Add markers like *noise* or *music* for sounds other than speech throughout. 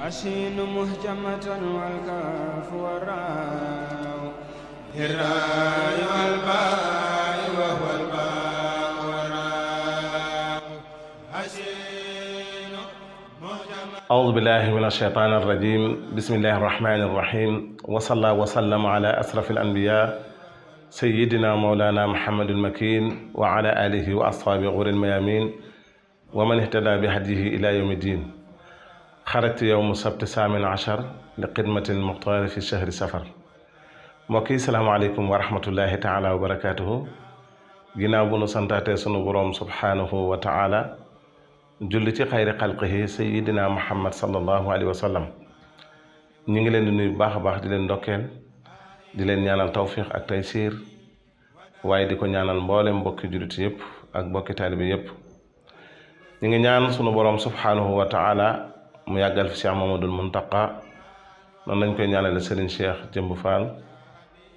الشين مهجمة والكاف والراء الراء والباء وهو الباء والراء الشين مهجمة أعوذ بالله من الشيطان الرجيم بسم الله الرحمن الرحيم وصلى وسلم على أسرف الأنبياء سيدنا مولانا محمد المكين وعلى آله وأصحابه غور الميامين ومن اهتدى بهديه إلى يوم الدين xarajtu yow mu sabti saamin achar li xidmatin muxtaari fi chahri safar mbokk yi salaamaaleykum wa rahmatullahi taala wa barakaatuhu ginnaaw bu nu santaatee sunu boroom subhaanahu wa taala julli ci xayri xalqihi sayidina muhammad sallallahu alayhi wa sallam ñu ngi leen di nuyu baax a baax di leen ndokkeel di leen ñaanal tawfiq ak taysiir waaye di ko ñaanal mboolem mbokki jullit yëpp ak mbokki taalibe yëpp ñu ngi ñaan sunu boroom subhaanahu wa taala mu yàggal fi moom Cheikh Mamadul Muntaqa noonu lañ koy ñaanale Serigne Cheikh Jëmb Fall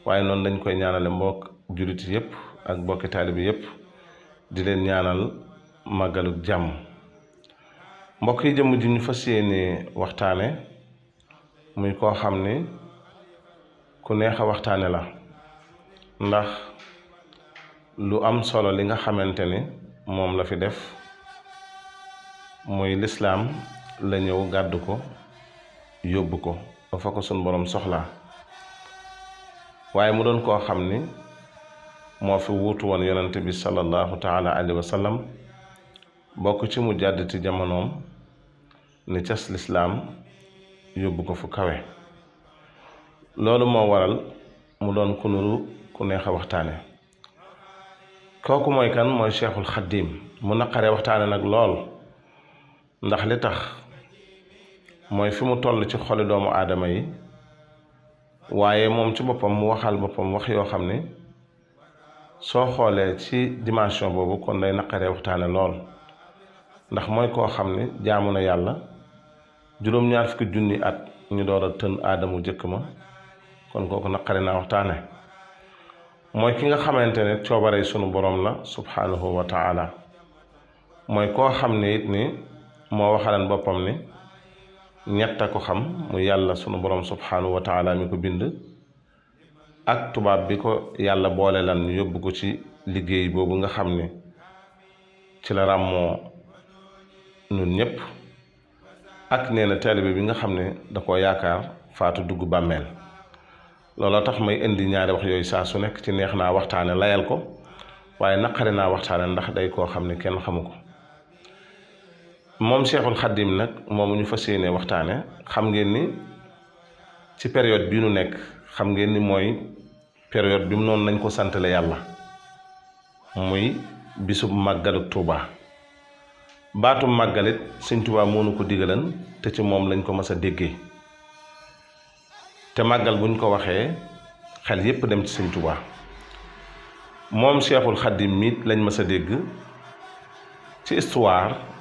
waaye noonu lañ koy ñaanale mbokk julit yëpp ak mbokki taalibi yëpp di leen ñaanal màggalu jàmm mbokk yi jëmm ji ñu fas yéene waxtaane muy koo xam ni ku neex a waxtaane la ndax lu am solo li nga xamante ni moom la fi def muy lislaam la ñëw gàddu ko yóbbu ko ba ko sunu borom soxlaa waaye mu doon koo xam ni moo fi wuutu woon yonente bi sallallahu taalaa alayhi wa sallam bokk ci mu jàdd jàddati jamonoom ni ca lislaam yóbbu ko fu kawe loolu moo waral mu doon ku ku neex a waxtaane kooku mooy kan mooy cheikhul xaddim mu naqare waxtaane nag lool ndax li tax mooy fi mu toll ci xoli doomu aadama yi waaye moom ci boppam mu waxal boppam wax yoo xam ni soo xoolee ci dimension boobu kon day naqaree waxtaane lool ndax mooy koo xam ni jaamu na yàlla juróom-ñaar fukki junni at ñu door a tën aadamu jëkk ma kon kooku naqare naa waxtaane mooy ki nga xamante ne coobare sunu boroom la subhanahu wa taala mooy koo xam ne it ni moo waxalan boppam ni ñett a ko xam mu yàlla sunu borom subhanahu wa taala mi ko bind ak tubaab bi ko yàlla boole lan ñu yóbbu ko ci liggéey boobu nga xam ne ci la ràmmoo ñun ñëpp ak nee na taalibe bi nga xam ne da koo yaakaar faatu dugg bàmmeel looloo tax may indi ñaari wax yooyu saa su nekk ci neex naa waxtaane layal ko waaye naqari naa waxtaane ndax day koo xam ne kenn xamu ko moom Cheikhul Khadim nag moomu ñu fa yéene waxtaane xam ngeen ni ci période bi nu nekk xam ngeen ni mooy période bi mu noonu lañ ko santale yàlla muy bisub màggalu Tuuba baatum màggalit sëñ Tuuba moo nu ko digalan te ci moom lañ ko mas a déggee te màggal buñ ko waxee xel yépp dem ci sëñ moom Cheikhul Khadim miit lañ mas a dégg ci histoire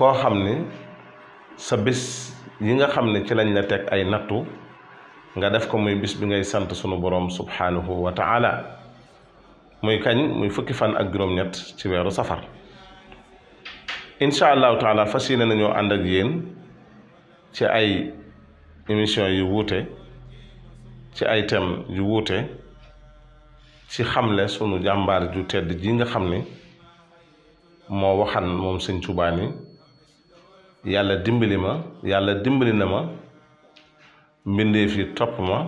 koo xam ni sa bis yi nga xam ne ci lañ la teg ay nattu nga def ko muy bis bi ngay sant sunu borom subhanahu wa ta'ala muy kañ muy fukki fan ak juróom-ñett ci weeru safar incha allahu taala fas yéene nañoo ànd ak yéen ci ay émission yu wuute ci ay tem yu wuute ci xamle sunu jàmbaar ju tedd ji nga xam ni moo waxan moom sëñ Tuubaa ni yàlla dimbali ma yàlla dimbali na ma mbindeef yi topp ma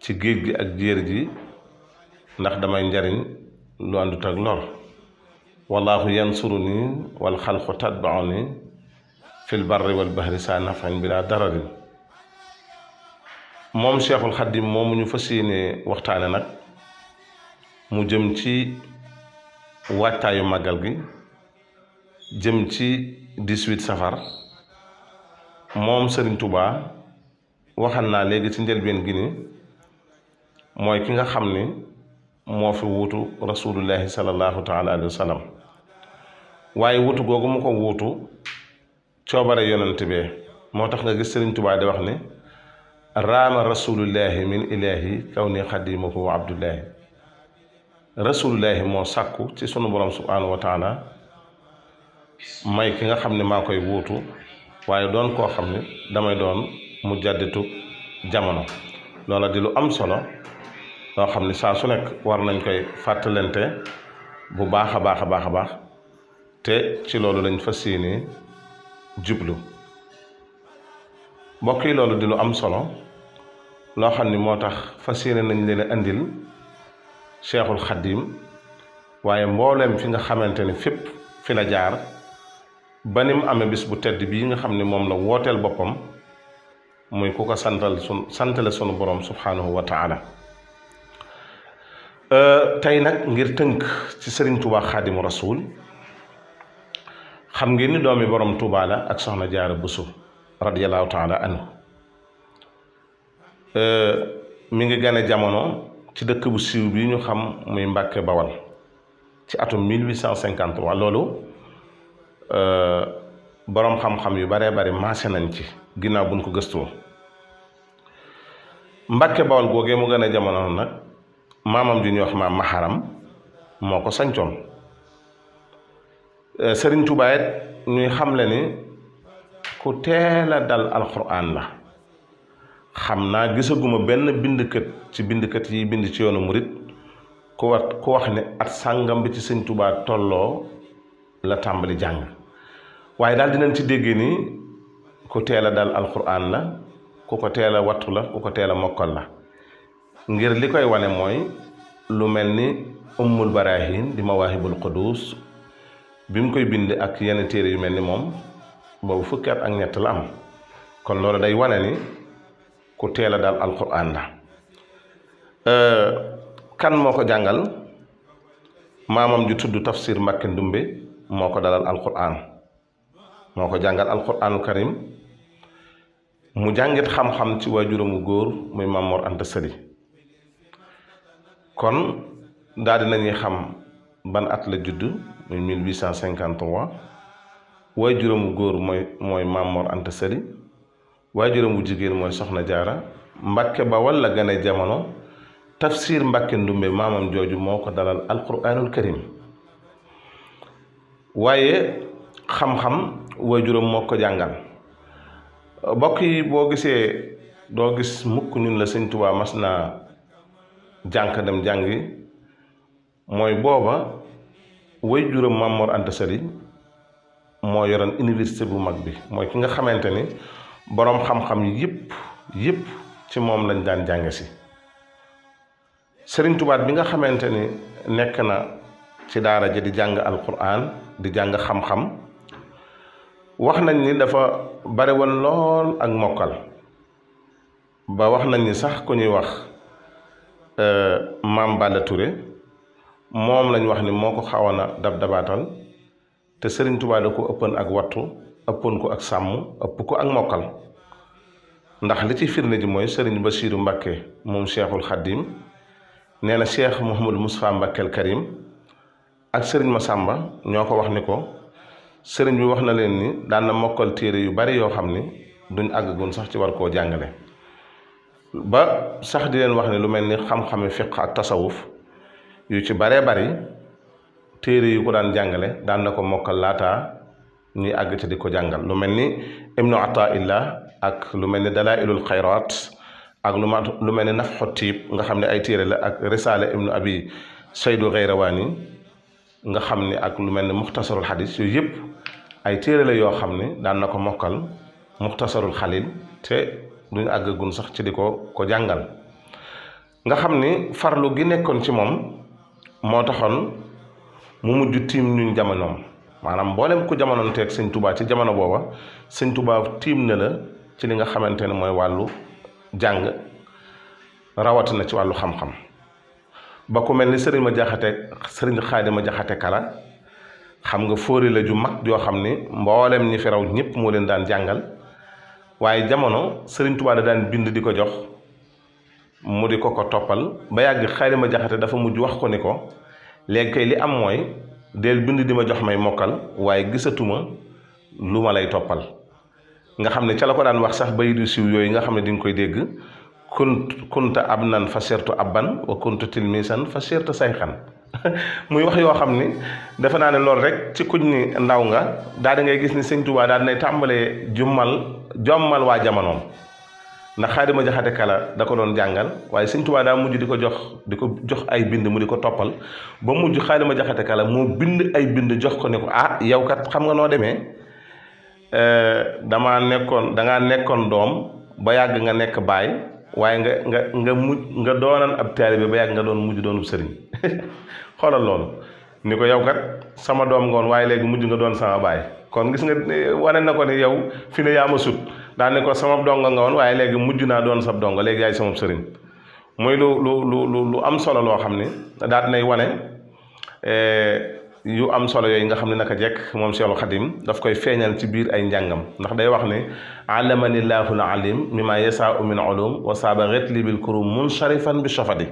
ci géej gi ak jéer ji ndax damay njariñ lu àndut ak lor wallaahu yansuru nii wal xalqu tatbau nii fil barri wal bahri saa nafañ bi laa dararin moom Cheikhul Xaddim moomu ñu fas yéene waxtaane nag mu jëm ci waajtaayu màggal gi jëm ci dix-huit safar moom sëriñ tubaa waxal naa léegi ci njëlbeen gi ni mooy ki nga xam ni moo fi wuutu rasulullahi sallallahu taala alayhi wa waaye wuutu googu mu ko wuutu coobare yonent bee moo tax nga gis Serigne tubaa di wax ni raama rasulullahi min ilahi kaw ni xadimahu wa abdullahi rasulullahi moo sàkku ci sunu borom subhanahu wa may ki nga xam ne maa koy wuutu waaye doon koo xam ne damay doon mu jàdditu jamono loola di lu am solo loo xam ne saa su nekk war nañ koy fàttalante bu baax a baax a baax a baax te ci loolu lañ fas yéene jublu mbokk yi loolu di am solo loo xam ni moo tax fas yéene nañ leen indil Cheikhul xaddiim waaye mbooleem fi nga xamante ni fépp fi la jaar ba ni mu amee bis bu tedd bii nga xam ne moom la wooteel boppam muy ku ko santal sun santale sunu borom subhanahu wa taala euh, tey nag ngir tënk ci sëriñ Touba xaadimu rasul xam ngeen ni doomi boroom Touba la ak soxna jaar jaara Buso radiallahu taala anhu euh, mu ngi gane jamono ci dëkk bu siiw bi ñu xam muy Mbàkke Bawal ci atum 1853 loolu Euh, boroom xam-xam yu baree bari maase nañ ci ginnaaw buñ ko gëstoo mbàkke bawol googee mu gën a jamono nag maamam ju ñuy wax maam maharam moo ko sancoon euh, sëriñ Tuubaa it ñuy xamle ni ku teel a dal alxuraan la xam naa gisaguma benn bindkat ci bindkat yi bind ci yoonu murit ku wax ku wax ne at sàngam bi ci sëñ Tuubaa tolloo la tàmbali jàng waaye daal dinañ ci déggee ni ku teel a dal alxuraan la ku ko teel wattu la ku ko teel a la ngir li koy wane mooy lu mel ni ummul barahin di mawaahibul quddus bi mu koy bind ak yenn téere yu mel ni moom boobu fukki at ak ñett la am kon loolu day wane ni ku teel a daal alxuraan la euh, kan moo ko jàngal maamam ju tudd tafsir Mbàkke Ndumbe moo ko dalal alxuraan moo ko jàngal alquranul karim mu jàngit xam-xam ci waajuramu góor muy Mamor Anta Sali kon daal di nañuy xam ban at la judd muy 1853 waajuramu góor mooy mooy Mamor Anta Sali waajuramu jigéen mooy Soxna Jaara mbakke ba walla gane jamono tafsir Mbàkke Ndumbe maamam jooju moo ko dalal alquranul karim waaye xam-xam waajuram moo ko jàngal mbokk yi boo gisee doo gis mukk ñun la sëñ Tuubaa mas naa jànk dem jàngi mooy booba waajuram Maam Mor Anta Sali moo yoroon université bu mag bi mooy ki nga xamante ni boroom xam-xam yëpp yëpp ci moom lañ daan jànge si sëriñ tubaat bi nga xamante ni nekk na ci daara ji di jàng alquran di jàng xam-xam wax nañ ni dafa bare woon lool ak mokkal ba wax nañ ni sax ku ñuy wax euh, maam Balla Touré moom lañu wax ni moo ko xawoon a dab dabaatal te sëriñ Touba da ëppan ak wattu ëppoon ko ak sàmm ëpp ko ak mokkal ndax li ci firnde ji mooy ba Bassirou Mbacké moom Cheikhul Khadim nee na Cheikh Mouhamadou Moustapha Mbacké al Karim ak ma sàmba ñoo ko wax ni ko sëriñ bi wax na leen ni daan na mokkal téere yu bari yoo xam ni duñ àggagun sax ci war koo jàngale ba sax di leen wax ne lu mel ni xam-xami fiq ak tasawuf yu ci baree bari téere yu ko daan jàngale daan na ko mokkal laata ñuy àgg ci di ko jàngal lu mel ni ibnu ataillah ak lu mel ni dalailul xayrat ak lu ma lu mel ni nafxu tiib nga xam ne ay téere la ak risaale ibnu abi saydu xayrawaani nga xam ni ak lu mel ni muxtasarul xadis yooyu yëpp ay téere la yoo xam ne daan na ko mokkal muxtasarul xalil te duñu àggagun sax ci di ko ko jàngal nga xam ni farlu gi nekkoon ci moom moo taxoon mu mujj tiim ñuñ jamonoom maanaam mboolem ku jamonoon teeg sëñ tubaa ci jamono booba sëñ tubaa tiim na la ci li nga xamante ne mooy wàllu jàng rawatina ci wàllu xam-xam ba ko mel ni sëriñ ma jaxate sëriñ xaadima jaxate kala xam nga fóori ju mag yoo xam ne mboolem ñi fi raw ñëpp moo leen daan jàngal waaye jamono sëriñ Tuubaa daan bind di ko jox mu di ko ko toppal ba yàgg xaadima jaxate dafa mujj wax ko ni ko léegi li am mooy del bind di ma jox may mokkal waaye gisatuma lu ma lay toppal nga xam ne ca la ko daan wax sax bay du siiw yooyu nga xam ne di koy dégg kunt kunta ab nan fa ab ban wa kuntu tilmisan fa sirtu sayxan *laughs* muy wax yoo xam ni defe naa ne loolu rek ci kuñ ni ndaw nga daal di ngay gis ni sëñ daa daal dinay tàmbalee jummal jommal waa jamonoom ndax xaadima jaxate kala da ko doon jàngal waaye sëñ Tuubaa daa mujj di ko jox di ko jox ay bind mu di ko toppal ba mujj xaadima jaxate kala moo bind ay bind jox ko ne ko ah yow kat xam nga noo demee eh, dama nekkoon danga nekkoon doom ba yàgg nga nekk waaye nga nga nga mujj nga doonan ab bi ba yàgg nga doon mujj doonub sëriñ *laughs* xoolal loolu ni ko yow kat sama doom ngoon waaye léegi mujj nga doon sama baay kon gis nga eh, wane na ko ni yow fi ne yaa ma sut daan ko sama dongo nga woon waaye léegi mujj naa doon sab dongo léegi yaay sama sëriñ muy lu lu lu lu am solo loo xam ne daat nay wane eh, yu am solo yooyu nga xam ne naka jekk moom Cheikhul Xadim daf koy feeñal ci biir ay njàngam ndax day wax ne alamani laahul alim mimma yasaau min ulum wa sabagat li bil kurum munsharifan bi shafadi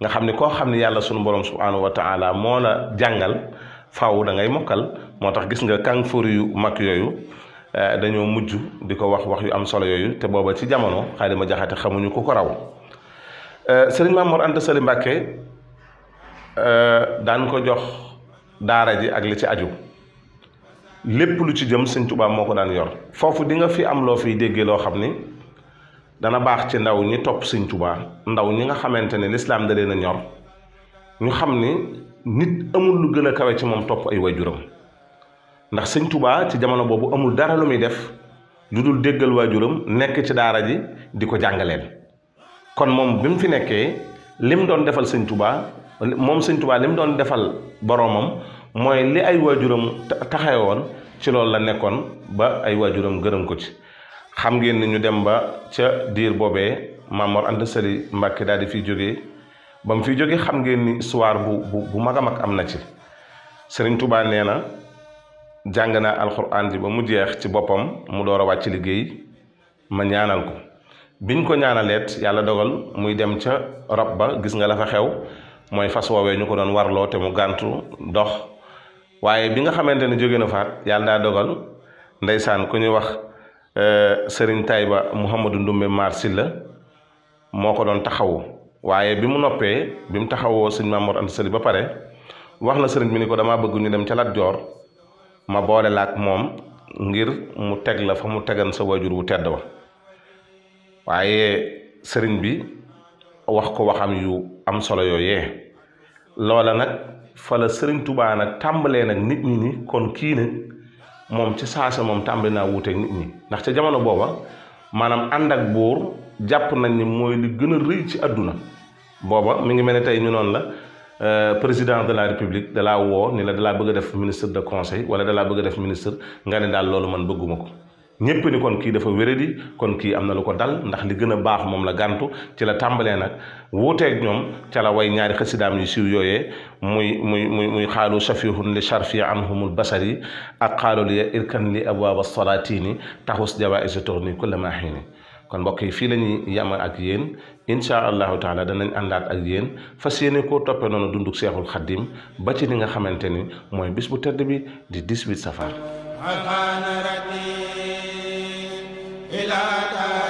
nga xam ne koo xam ne yàlla sunu borom subhanahu wa taala moo la jàngal faaw da ngay mokkal moo tax gis nga kàngfóori yu mag yooyu eh, dañoo mujj di ko wax wax yu am solo yooyu te booba ci jamono Xaalima Jaxate xamuñu ku ko raw eh, sëriñ Maam Mor Anta Sali Mbàkke eh, daara ji ak li ci aju lépp lu ci jëm sëñ Tuubaa moo ko daan yor foofu di nga fi am loo fiy déggee loo xam ni dana baax ci ndaw ñi topp sëñ Tuubaa ndaw ñi nga xamante ne lislaam da leen ñor ñu xam ni nit amul lu gën a kawe ci moom topp ay waajuram ndax sëñ tubaa ci jamono boobu amul dara lu muy def lu dul déggal waajuram nekk ci daara ji di ko jàngaleen kon moom bi mu fi nekkee lim doon defal sëñ Tuubaa moom sëñ Tuubaa li doon defal boroomam mooy li ay waajuram taxewoon ci loolu la nekkoon ba ay waajuram gërëm ko ci xam ngeen ni ñu dem ba ca diir boobee Mamor Anta Sali Mbàkke daal di fiy jógee ba mu fiy xam ngeen ni bu bu bu mag a mag am na ci Sëriñ Tuubaa nee na jàng naa alxuraan ji ba mu jeex ci boppam mu door a wàcc liggéey ma ñaanal ko biñ ko ñaanaleet yàlla dogal muy dem ca rob ba gis nga la fa xew mooy fas woowee ñu ko doon warloo te mu gàntu dox waaye bi nga xamante ne jóge na faat yàlla daa dogal ndeysaan ku ñuy wax euh, sëriñ ba Mouhamadou Ndumbe Maar Silla moo ko doon taxawu waaye bi mu noppee bi mu taxawoo sëñ Mamoor Anta ba pare wax na sëriñ bi ni ko dama bëgg ñu dem ca Lat Joor ma boole la moom ngir mu teg la fa mu tegan sa wajur wu tedd wa waaye sëriñ bi wax ko waxam yu am solo yooyee loola nag fa la sëriñ tubaa nag tàmbalee nag nit ñi ni kon kii nag moom ci saasa moom tàmbali naa wuuteeg nit ñi ndax ca jamono booba maanaam ànd ak buur jàpp nañ ni mooy li gën a rëy ci àdduna booba mi ngi mel ne tey ñu noonu la euh, président de la république da woo ni la da laa bëgg a def ministre de conseil wala da laa bëgg a def ministre nga ne daal loolu man bëgguma ko ñëpp ni kon kii dafa wéradi kon kii am na lu ko dal ndax li gën a baax moom la gàntu ci la tàmbalee nag wuuteeg ñoom ca la way ñaari xasidaam yu siiw yooyee muy muy muy muy xaalu shafihun li sharfi anhumul basari ak xaalu li irkan li abwaaba salatini taxus jawa isa tourni kulla ma xiini kon mbokk yi fii la ñuy yem ak yéen incha allahu taala danañ àndaat ak yéen fas yéene koo toppee noonu dunduk seexul xaddim ba ci li nga xamante ni mooy bis bu tedd bi di 18 safar ila